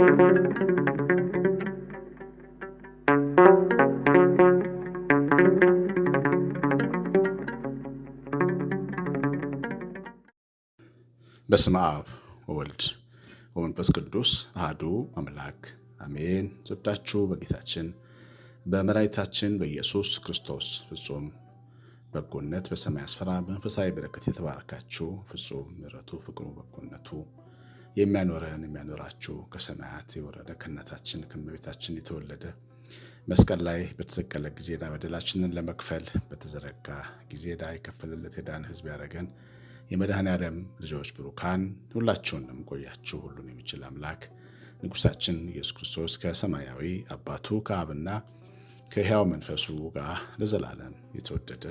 በስመ አብ ወወልድ ወመንፈስ ቅዱስ አህዱ አምላክ አሜን። ዘብዳችሁ በጌታችን በመድኃኒታችን በኢየሱስ ክርስቶስ ፍጹም በጎነት በሰማይ አስፈራ በመንፈሳዊ በረከት የተባረካችሁ ፍጹም ምሕረቱ ፍቅሩ በጎነቱ የሚያኖረን የሚያኖራችሁ ከሰማያት የወረደ ከእናታችን ከእመቤታችን የተወለደ መስቀል ላይ በተሰቀለ ጊዜ በደላችንን ለመክፈል በተዘረጋ ጊዜ ዕዳ የከፈለለት የዳን ሕዝብ ያደረገን የመድኃኔ ልጆች ብሩካን ሁላችሁንም ቆያችሁ። ሁሉን የሚችል አምላክ ንጉሳችን ኢየሱስ ክርስቶስ ከሰማያዊ አባቱ ከአብና ከሕያው መንፈሱ ጋር ለዘላለም የተወደደ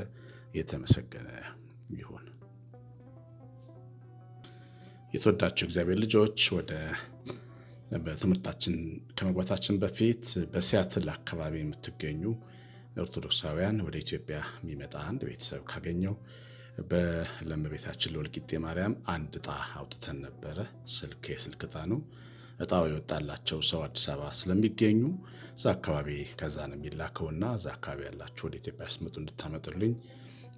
የተመሰገነ ይሁን። የተወዳቸው እግዚአብሔር ልጆች ወደ በትምህርታችን ከመግባታችን በፊት በሲያትል አካባቢ የምትገኙ ኦርቶዶክሳውያን ወደ ኢትዮጵያ የሚመጣ አንድ ቤተሰብ ካገኘው በለመቤታችን ለወልቂጤ ማርያም አንድ እጣ አውጥተን ነበረ። ስልክ የስልክ እጣ ነው። እጣው የወጣላቸው ሰው አዲስ አበባ ስለሚገኙ እዛ አካባቢ ከዛ ነው የሚላከውና እዛ አካባቢ ያላችሁ ወደ ኢትዮጵያ ስመጡ እንድታመጡልኝ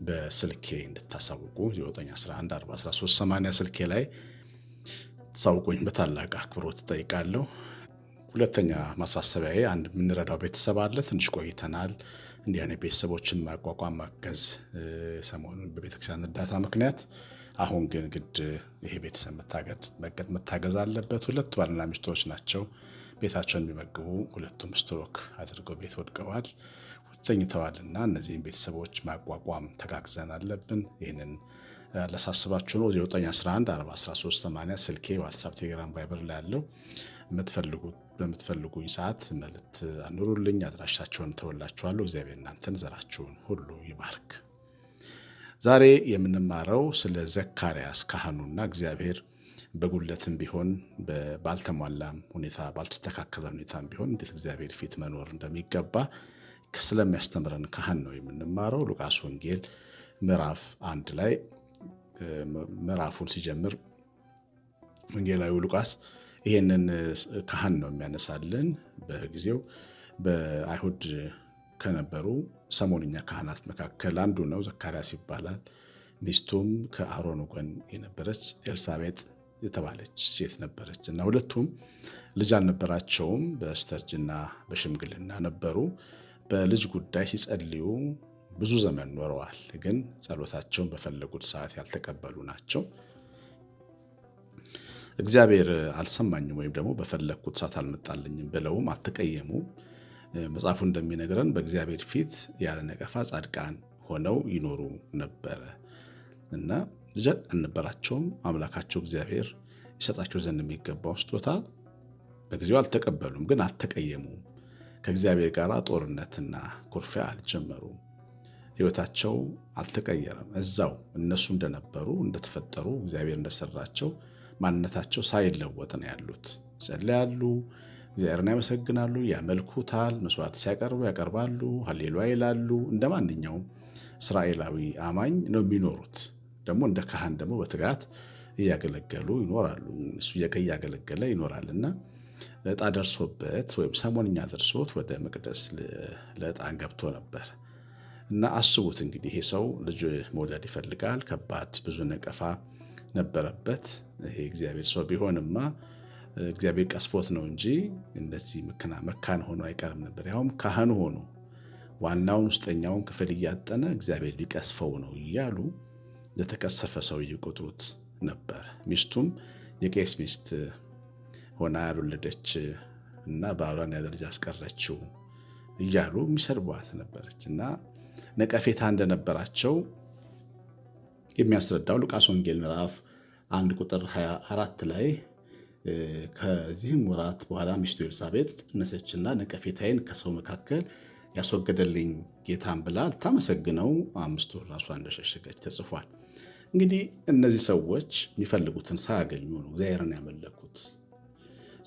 በስልኬ እንድታሳውቁ 911 4380 ስልኬ ላይ ሳውቁኝ በታላቅ አክብሮት እጠይቃለሁ። ሁለተኛ ማሳሰቢያ አንድ የምንረዳው ቤተሰብ አለ። ትንሽ ቆይተናል። እንዲህ አይነት ቤተሰቦችን ማቋቋም ማገዝ ሰሞኑን በቤተክርስቲያን እርዳታ ምክንያት አሁን ግን ግድ ይሄ ቤተሰብ መታገዝ አለበት። ሁለቱ ባልና ሚስቶች ናቸው። ቤታቸውን የሚመግቡ ሁለቱም ስትሮክ አድርገው ቤት ወድቀዋል፣ ተኝተዋል እና እነዚህም ቤተሰቦች ማቋቋም ተጋግዘን አለብን። ይህንን ላሳስባችሁ ነው። 09114138 ስልኬ፣ ዋትሳፕ፣ ቴሌግራም፣ ቫይበር ላይ ያለው በምትፈልጉኝ ሰዓት መልእክት አኑሩልኝ። አድራሻቸውን ተወላችኋለሁ። እግዚአብሔር እናንተን ዘራችሁን ሁሉ ይባርክ። ዛሬ የምንማረው ስለ ዘካርያስ ካህኑና እግዚአብሔር በጉለትም ቢሆን ባልተሟላም ሁኔታ ባልተስተካከለ ሁኔታም ቢሆን እንዴት እግዚአብሔር ፊት መኖር እንደሚገባ ስለሚያስተምረን ካህን ነው የምንማረው። ሉቃስ ወንጌል ምዕራፍ አንድ ላይ ምዕራፉን ሲጀምር ወንጌላዊ ሉቃስ ይሄንን ካህን ነው የሚያነሳልን። በጊዜው በአይሁድ ከነበሩ ሰሞንኛ ካህናት መካከል አንዱ ነው፣ ዘካርያስ ይባላል። ሚስቱም ከአሮን ወገን የነበረች ኤልሳቤጥ የተባለች ሴት ነበረች እና ሁለቱም ልጅ አልነበራቸውም። በስተርጅና በሽምግልና ነበሩ። በልጅ ጉዳይ ሲጸልዩ ብዙ ዘመን ኖረዋል፣ ግን ጸሎታቸውን በፈለጉት ሰዓት ያልተቀበሉ ናቸው። እግዚአብሔር አልሰማኝም ወይም ደግሞ በፈለግኩት ሰዓት አልመጣልኝም ብለውም አልተቀየሙ። መጽሐፉ እንደሚነግረን በእግዚአብሔር ፊት ያለ ነቀፋ ጻድቃን ሆነው ይኖሩ ነበረ እና ልጀት አልነበራቸውም። አምላካቸው እግዚአብሔር ይሰጣቸው ዘንድ የሚገባው ስጦታ በጊዜው አልተቀበሉም፣ ግን አልተቀየሙም። ከእግዚአብሔር ጋር ጦርነትና ኩርፊያ አልጀመሩም። ህይወታቸው አልተቀየረም። እዛው እነሱ እንደነበሩ እንደተፈጠሩ እግዚአብሔር እንደሰራቸው ማንነታቸው ሳይለወጥ ነው ያሉት። ይጸልያሉ፣ እግዚአብሔርን ያመሰግናሉ፣ ያመልኩታል፣ መስዋዕት ሲያቀርቡ ያቀርባሉ፣ ሀሌሉያ ይላሉ። እንደ ማንኛውም እስራኤላዊ አማኝ ነው የሚኖሩት። ደግሞ እንደ ካህን ደግሞ በትጋት እያገለገሉ ይኖራሉ። እሱ እያገለገለ ይኖራልና እጣ ደርሶበት ወይም ሰሞንኛ ደርሶት ወደ መቅደስ ለእጣን ገብቶ ነበር። እና አስቡት እንግዲህ ይሄ ሰው ልጅ መውለድ ይፈልጋል። ከባድ ብዙ ነቀፋ ነበረበት። ይሄ እግዚአብሔር ሰው ቢሆንማ እግዚአብሔር ቀስፎት ነው እንጂ እንደዚህ መካን ሆኖ አይቀርም ነበር። ያውም ካህን ሆኖ ዋናውን ውስጠኛውን ክፍል እያጠነ እግዚአብሔር ሊቀስፈው ነው እያሉ ለተቀሰፈ ሰው እየቆጥሩት ነበር። ሚስቱም የቄስ ሚስት ሆና ያልወለደች እና ባሏን ያደረጃ አስቀረችው እያሉ የሚሰርቧት ነበረች እና ነቀፌታ እንደነበራቸው የሚያስረዳው ሉቃስ ወንጌል ምዕራፍ አንድ ቁጥር 24 ላይ ከዚህም ወራት በኋላ ሚስቱ ኤልሳቤጥ ጸነሰችና ነቀፌታዬን ከሰው መካከል ያስወገደልኝ ጌታን ብላ ልታመሰግነው አምስቱ ራሷ እንደሸሸገች ተጽፏል። እንግዲህ እነዚህ ሰዎች የሚፈልጉትን ሳያገኙ ነው እግዚአብሔርን ያመለኩት።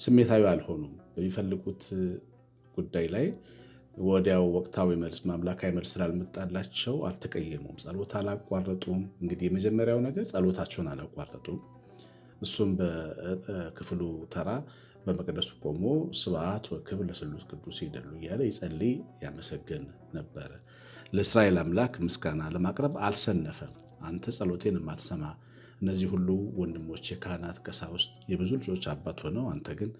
ስሜታዊ አልሆኑም። በሚፈልጉት ጉዳይ ላይ ወዲያው ወቅታዊ መልስ ማምላካዊ መልስ ስላልመጣላቸው አልተቀየሙም፣ ጸሎት አላቋረጡም። እንግዲህ የመጀመሪያው ነገር ጸሎታቸውን አላቋረጡም። እሱም በክፍሉ ተራ በመቅደሱ ቆሞ ስብዓት ወክብር ለስሉስ ቅዱስ ይደሉ እያለ ይጸልይ ያመሰግን ነበረ። ለእስራኤል አምላክ ምስጋና ለማቅረብ አልሰነፈም። አንተ ጸሎቴን የማትሰማ እነዚህ ሁሉ ወንድሞች ካህናት፣ ቀሳውስት የብዙ ልጆች አባት ሆነው አንተ ግን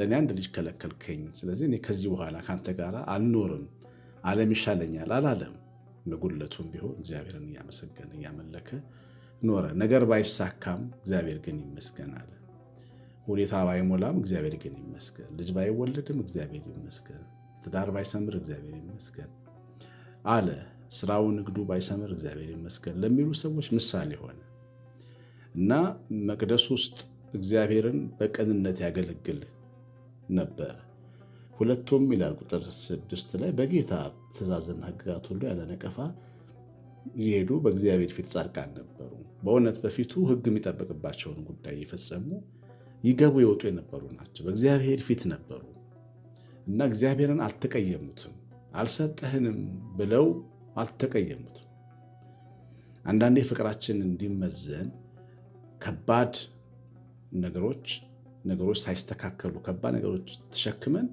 ለእኔ አንድ ልጅ ከለከልከኝ፣ ስለዚህ እኔ ከዚህ በኋላ ከአንተ ጋር አልኖርም፣ ዓለም ይሻለኛል አላለም። ጉድለቱም ቢሆን እግዚአብሔርን እያመሰገነ እያመለከ ኖረ። ነገር ባይሳካም እግዚአብሔር ግን ይመስገን አለ። ሁኔታ ባይሞላም እግዚአብሔር ግን ይመስገን፣ ልጅ ባይወለድም እግዚአብሔር ይመስገን፣ ትዳር ባይሰምር እግዚአብሔር ይመስገን አለ። ስራው ንግዱ ባይሰምር እግዚአብሔር ይመስገን ለሚሉ ሰዎች ምሳሌ ሆነ እና መቅደስ ውስጥ እግዚአብሔርን በቅንነት ያገለግል ነበር ሁለቱም ይላል ቁጥር ስድስት ላይ በጌታ ትእዛዝና ሕግጋት ሁሉ ያለ ነቀፋ በእግዚአብሔር ፊት ጻድቃን ነበሩ። በእውነት በፊቱ ሕግ የሚጠበቅባቸውን ጉዳይ የፈጸሙ ይገቡ የወጡ የነበሩ ናቸው። በእግዚአብሔር ፊት ነበሩ እና እግዚአብሔርን አልተቀየሙትም። አልሰጠህንም ብለው አልተቀየሙትም። አንዳንዴ ፍቅራችን እንዲመዘን ከባድ ነገሮች ነገሮች ሳይስተካከሉ ከባድ ነገሮች ተሸክመን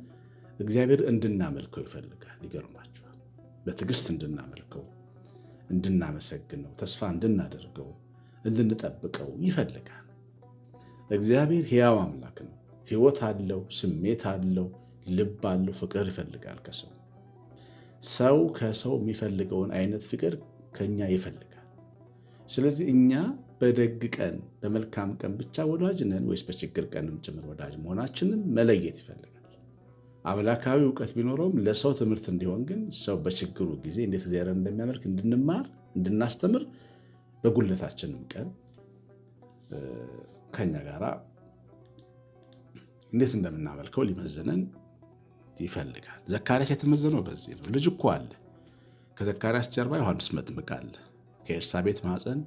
እግዚአብሔር እንድናመልከው ይፈልጋል። ይገርማችኋል። በትዕግስት እንድናመልከው፣ እንድናመሰግነው፣ ተስፋ እንድናደርገው፣ እንድንጠብቀው ይፈልጋል። እግዚአብሔር ሕያው አምላክ ነው። ሕይወት አለው፣ ስሜት አለው፣ ልብ አለው፣ ፍቅር ይፈልጋል ከሰው ሰው ከሰው የሚፈልገውን አይነት ፍቅር ከኛ ይፈልጋል። ስለዚህ እኛ በደግ ቀን በመልካም ቀን ብቻ ወዳጅ ነን ወይስ በችግር ቀንም ጭምር ወዳጅ መሆናችንን መለየት ይፈልጋል። አምላካዊ እውቀት ቢኖረውም ለሰው ትምህርት እንዲሆን ግን ሰው በችግሩ ጊዜ እንዴት እግዚአብሔርን እንደሚያመልክ እንድንማር እንድናስተምር በጉለታችንም ቀን ከኛ ጋራ እንዴት እንደምናመልከው ሊመዝነን ይፈልጋል። ዘካርያስ የተመዘነው በዚህ ነው። ልጅ እኮ አለ። ከዘካርያስ ጀርባ ዮሐንስ መጥምቅ አለ። ከኤልሳቤት ማፀን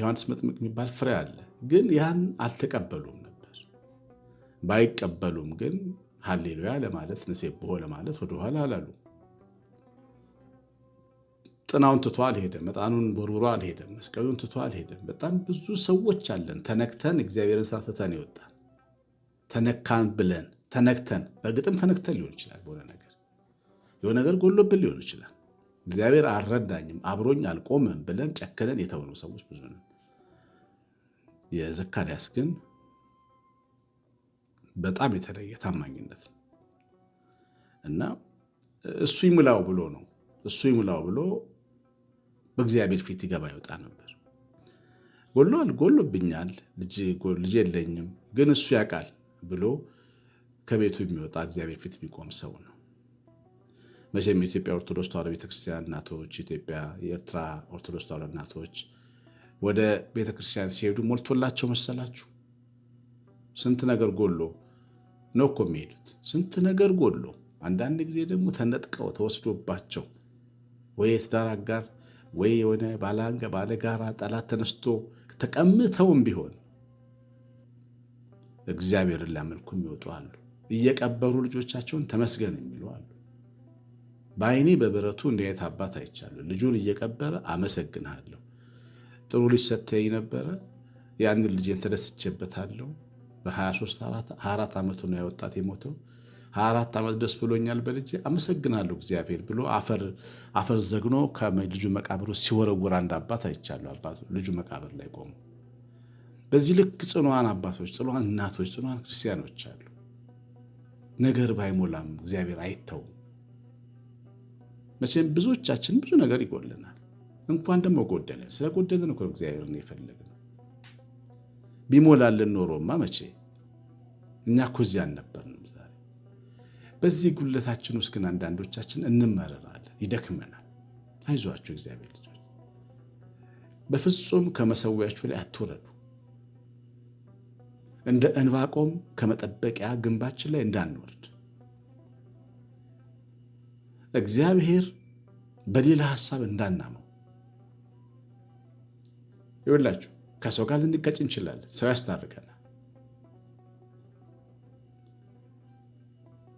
ዮሐንስ መጥምቅ የሚባል ፍሬ አለ። ግን ያን አልተቀበሉም ነበር። ባይቀበሉም ግን ሀሌሉያ ለማለት ንሴብሆ ለማለት ወደኋላ አላሉ። ጥናውን ትቶ አልሄደም። መጣኑን ቦርቡሮ አልሄደም። መስቀሉን ትቶ አልሄደም። በጣም ብዙ ሰዎች አለን ተነክተን እግዚአብሔርን ስራ ትተን ይወጣል። ተነካን ብለን ተነክተን፣ በግጥም ተነክተን ሊሆን ይችላል። በሆነ ነገር የሆነ ነገር ጎሎብን ሊሆን ይችላል። እግዚአብሔር አልረዳኝም፣ አብሮኝ አልቆምም ብለን ጨክነን የተውነው ሰዎች ብዙ ነን። የዘካርያስ ግን በጣም የተለየ ታማኝነት ነው እና እሱ ይሙላው ብሎ ነው እሱ ይሙላው ብሎ በእግዚአብሔር ፊት ይገባ ይወጣ ነበር። ጎሏል፣ ጎሎብኛል፣ ልጅ የለኝም ግን እሱ ያውቃል ብሎ ከቤቱ የሚወጣ እግዚአብሔር ፊት የሚቆም ሰው ነው። መቼም የኢትዮጵያ ኦርቶዶክስ ተዋሕዶ ቤተክርስቲያን እናቶች ኢትዮጵያ የኤርትራ ኦርቶዶክስ ተዋሕዶ እናቶች ወደ ቤተክርስቲያን ሲሄዱ ሞልቶላቸው መሰላችሁ? ስንት ነገር ጎሎ ነው እኮ የሚሄዱት። ስንት ነገር ጎሎ፣ አንዳንድ ጊዜ ደግሞ ተነጥቀው ተወስዶባቸው ወይ የትዳር አጋር ወይ የሆነ ባለአንገ ባለጋራ ጠላት ተነስቶ ተቀምተውም ቢሆን እግዚአብሔርን ሊያመልኩ የሚወጡ አሉ። እየቀበሩ ልጆቻቸውን ተመስገን የሚሉ አሉ። በአይኔ በብረቱ እንዲህ አይነት አባት አይቻለሁ። ልጁን እየቀበረ አመሰግንሃለሁ፣ ጥሩ ልጅ ሰጥተኸኝ ነበረ፣ ያንን ልጄን ተደስቼበታለሁ። በ23 24 ዓመቱ ነው ያወጣት የሞተው። 24 ዓመት ደስ ብሎኛል በልጄ አመሰግናለሁ እግዚአብሔር ብሎ አፈር ዘግኖ ከልጁ መቃብር ሲወረውር አንድ አባት አይቻለሁ። አባቱ ልጁ መቃብር ላይ ቆሙ። በዚህ ልክ ጽኗን አባቶች፣ ጽኗን እናቶች፣ ጽኗን ክርስቲያኖች አሉ። ነገር ባይሞላም እግዚአብሔር አይተውም። መቼም ብዙዎቻችን ብዙ ነገር ይጎልናል። እንኳን ደግሞ ጎደለን ስለጎደለን እኮ እግዚአብሔርን የፈለግነው ቢሞላልን ኖሮማ መቼ እኛ እኮ እዚህ አልነበርንም ዛሬ። በዚህ ጉለታችን ውስጥ ግን አንዳንዶቻችን እንመረራለን፣ ይደክመናል። አይዟችሁ እግዚአብሔር ልጆች፣ በፍጹም ከመሰዊያችሁ ላይ አትውረዱ። እንደ እንባቆም ከመጠበቂያ ግንባችን ላይ እንዳንወርድ እግዚአብሔር በሌላ ሀሳብ እንዳናመው ይወላችሁ። ከሰው ጋር ልንቀጭ እንችላለን። ሰው ያስታርቀናል።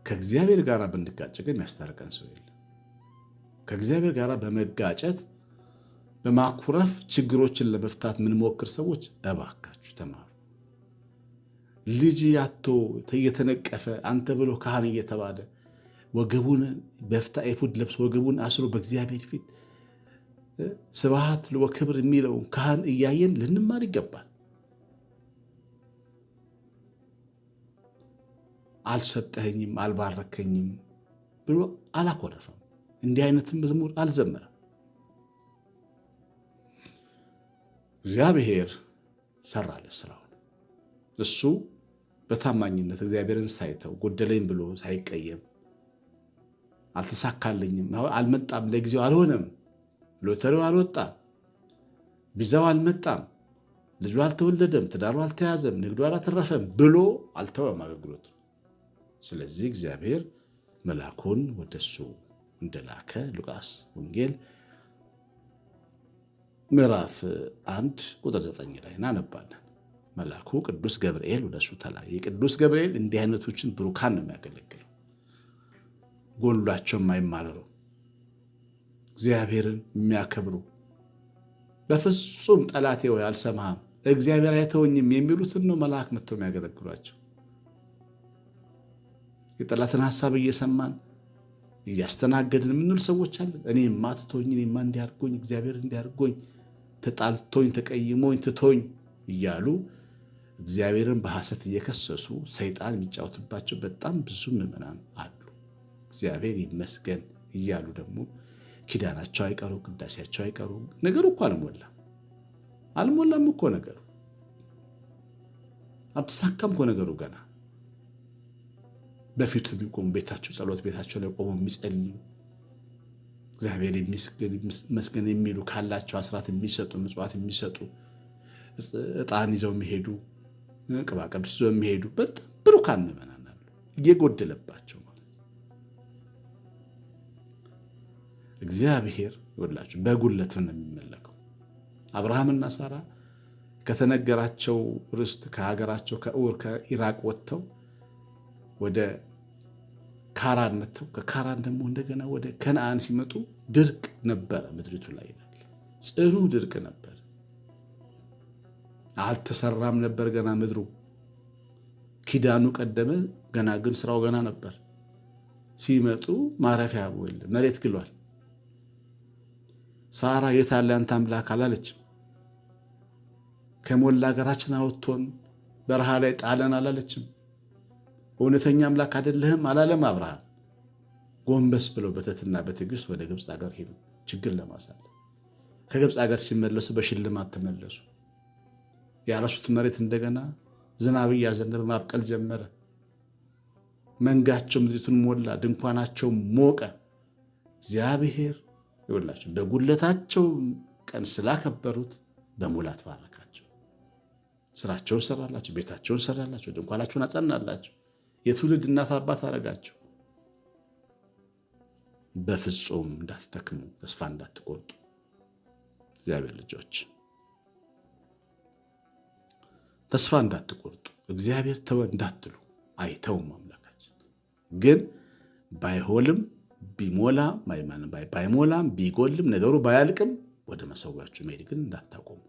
ከእግዚአብሔር ጋር ብንጋጭ ግን ያስታርቀን ሰው የለም። ከእግዚአብሔር ጋር በመጋጨት በማኩረፍ ችግሮችን ለመፍታት ምንሞክር ሰዎች እባካችሁ ተማሩ። ልጅ ያቶ እየተነቀፈ አንተ ብሎ ካህን እየተባለ ወገቡን በፍታ ኤፉድ ለብሶ ወገቡን አስሮ በእግዚአብሔር ፊት ስብሐት ወክብር የሚለውን ካህን እያየን ልንማር ይገባል። አልሰጠኸኝም፣ አልባረከኝም ብሎ አላኮረፈም። እንዲህ አይነትም መዝሙር አልዘመረም። እግዚአብሔር ሰራለት ስራውን። እሱ በታማኝነት እግዚአብሔርን ሳይተው ጎደለኝ ብሎ ሳይቀየም አልተሳካልኝም፣ አልመጣም፣ ለጊዜው አልሆነም፣ ሎተሪው አልወጣም፣ ቢዛው አልመጣም፣ ልጁ አልተወለደም፣ ትዳሩ አልተያዘም፣ ንግዱ አላተረፈም ብሎ አልተወም አገልግሎት። ስለዚህ እግዚአብሔር መላኩን ወደሱ እንደላከ ሉቃስ ወንጌል ምዕራፍ አንድ ቁጥር ዘጠኝ ላይ እናነባለን። መላኩ ቅዱስ ገብርኤል ወደሱ ተላከ። የቅዱስ ገብርኤል እንዲህ አይነቶችን ብሩካን ነው የሚያገለግል ጎሏቸው የማይማረሩ እግዚአብሔርን የሚያከብሩ በፍጹም ጠላቴ ወይ አልሰማህም፣ እግዚአብሔር አይተወኝም የሚሉትን ነው መልአክ መጥተው የሚያገለግሏቸው። የጠላትን ሀሳብ እየሰማን እያስተናገድን የምንል ሰዎች አለን። እኔ ትቶኝ፣ እኔማ እንዲያርጎኝ፣ እግዚአብሔር እንዲያርጎኝ፣ ተጣልቶኝ፣ ተቀይሞኝ፣ ትቶኝ እያሉ እግዚአብሔርን በሐሰት እየከሰሱ ሰይጣን የሚጫወትባቸው በጣም ብዙ ምዕመናን አሉ። እግዚአብሔር ይመስገን እያሉ ደግሞ ኪዳናቸው አይቀሩ፣ ቅዳሴያቸው አይቀሩ። ነገሩ እኮ አልሞላም አልሞላም እኮ ነገሩ አልተሳካም እኮ ነገሩ ገና በፊቱ የሚቆሙ ቤታቸው ጸሎት ቤታቸው ላይ ቆሞ የሚጸልዩ እግዚአብሔር ይመስገን የሚሉ ካላቸው አስራት የሚሰጡ ምጽዋት የሚሰጡ እጣን ይዘው የሚሄዱ ቅባ ቅዱስ ይዘው የሚሄዱ በጣም ብሩካን ምዕመናን አሉ። እየጎደለባቸው እግዚአብሔር ይወላችሁ በጉለት ነው የሚመለከው። አብርሃምና ሳራ ከተነገራቸው ርስት ከሀገራቸው ከእውር ከኢራቅ ወጥተው ወደ ካራን መጥተው ከካራን ደግሞ እንደገና ወደ ከነአን ሲመጡ ድርቅ ነበረ፣ ምድሪቱ ላይ ይላል። ጽኑ ድርቅ ነበር። አልተሰራም ነበር ገና ምድሩ። ኪዳኑ ቀደመ፣ ገና ግን ስራው ገና ነበር። ሲመጡ ማረፊያ የለም፣ መሬት ግሏል። ሳራ የታለ ያንተ አምላክ አላለችም። ከሞላ ሀገራችን አወጥቶን በረሃ ላይ ጣለን አላለችም። እውነተኛ አምላክ አይደለህም አላለም አብርሃም። ጎንበስ ብለው በትህትና በትዕግስት ወደ ግብፅ ሀገር ሄዱ፣ ችግር ለማሳለ ከግብፅ ሀገር ሲመለሱ በሽልማት ተመለሱ። ያረሱት መሬት እንደገና ዝናብ እያዘነበ ማብቀል ጀመረ። መንጋቸው ምድሪቱን ሞላ፣ ድንኳናቸው ሞቀ። እግዚአብሔር ይወላቸው በጉለታቸው ቀን ስላከበሩት በሙላት ባረካቸው። ስራቸውን ሰራላቸው፣ ቤታቸውን ሰራላቸው፣ ድንኳናቸውን አጸናላቸው፣ የትውልድ እናት አባት አረጋቸው። በፍጹም እንዳትደክሙ፣ ተስፋ እንዳትቆርጡ እግዚአብሔር ልጆች ተስፋ እንዳትቆርጡ፣ እግዚአብሔር ተወ እንዳትሉ አይተውም አምላካችን ግን ባይሆንም ቢሞላ ባይሞላም ቢጎልም ነገሩ ባያልቅም ወደ መሰዊያችሁ መሄድ ግን እንዳታቆሙ፣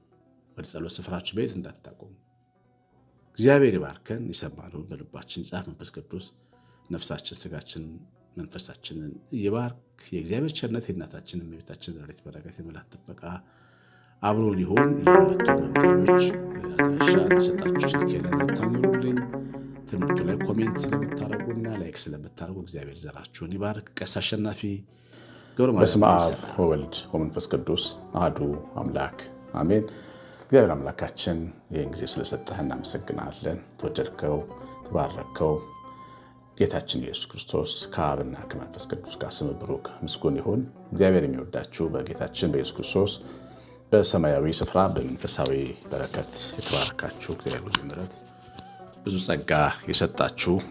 ወደ ጸሎት ስፍራችሁ መሄድ እንዳታቆሙ። እግዚአብሔር ይባርከን። የሰማነውን በልባችን ጻፍ። መንፈስ ቅዱስ ነፍሳችን፣ ስጋችን፣ መንፈሳችንን ይባርክ። የእግዚአብሔር ቸርነት የእናታችን የቤታችን ረድኤት በረከት የመላእክት ጥበቃ አብሮ ሊሆን የሁለቱ መምተኞች አድራሻ እንደሰጣችሁ ስልኬ ላይ ታኑሩልኝ። ትምህርቱ ላይ ኮሜንት ስለምታደርጉና ላይክ ስለምታደረጉ እግዚአብሔር ዘራችሁን ይባርክ። ቀሲስ አሸናፊ ገብረማርያም። በስመ አብ ወወልድ ወመንፈስ ቅዱስ አሐዱ አምላክ አሜን። እግዚአብሔር አምላካችን ይህን ጊዜ ስለሰጠህ እናመሰግናለን። ተወደድከው፣ ተባረከው። ጌታችን ኢየሱስ ክርስቶስ ከአብና ከመንፈስ ቅዱስ ጋር ስም ብሩክ ምስጉን ይሁን። እግዚአብሔር የሚወዳችሁ በጌታችን በኢየሱስ ክርስቶስ በሰማያዊ ስፍራ በመንፈሳዊ በረከት የተባረካችሁ እግዚአብሔር ምሕረት é pues, isso é tachu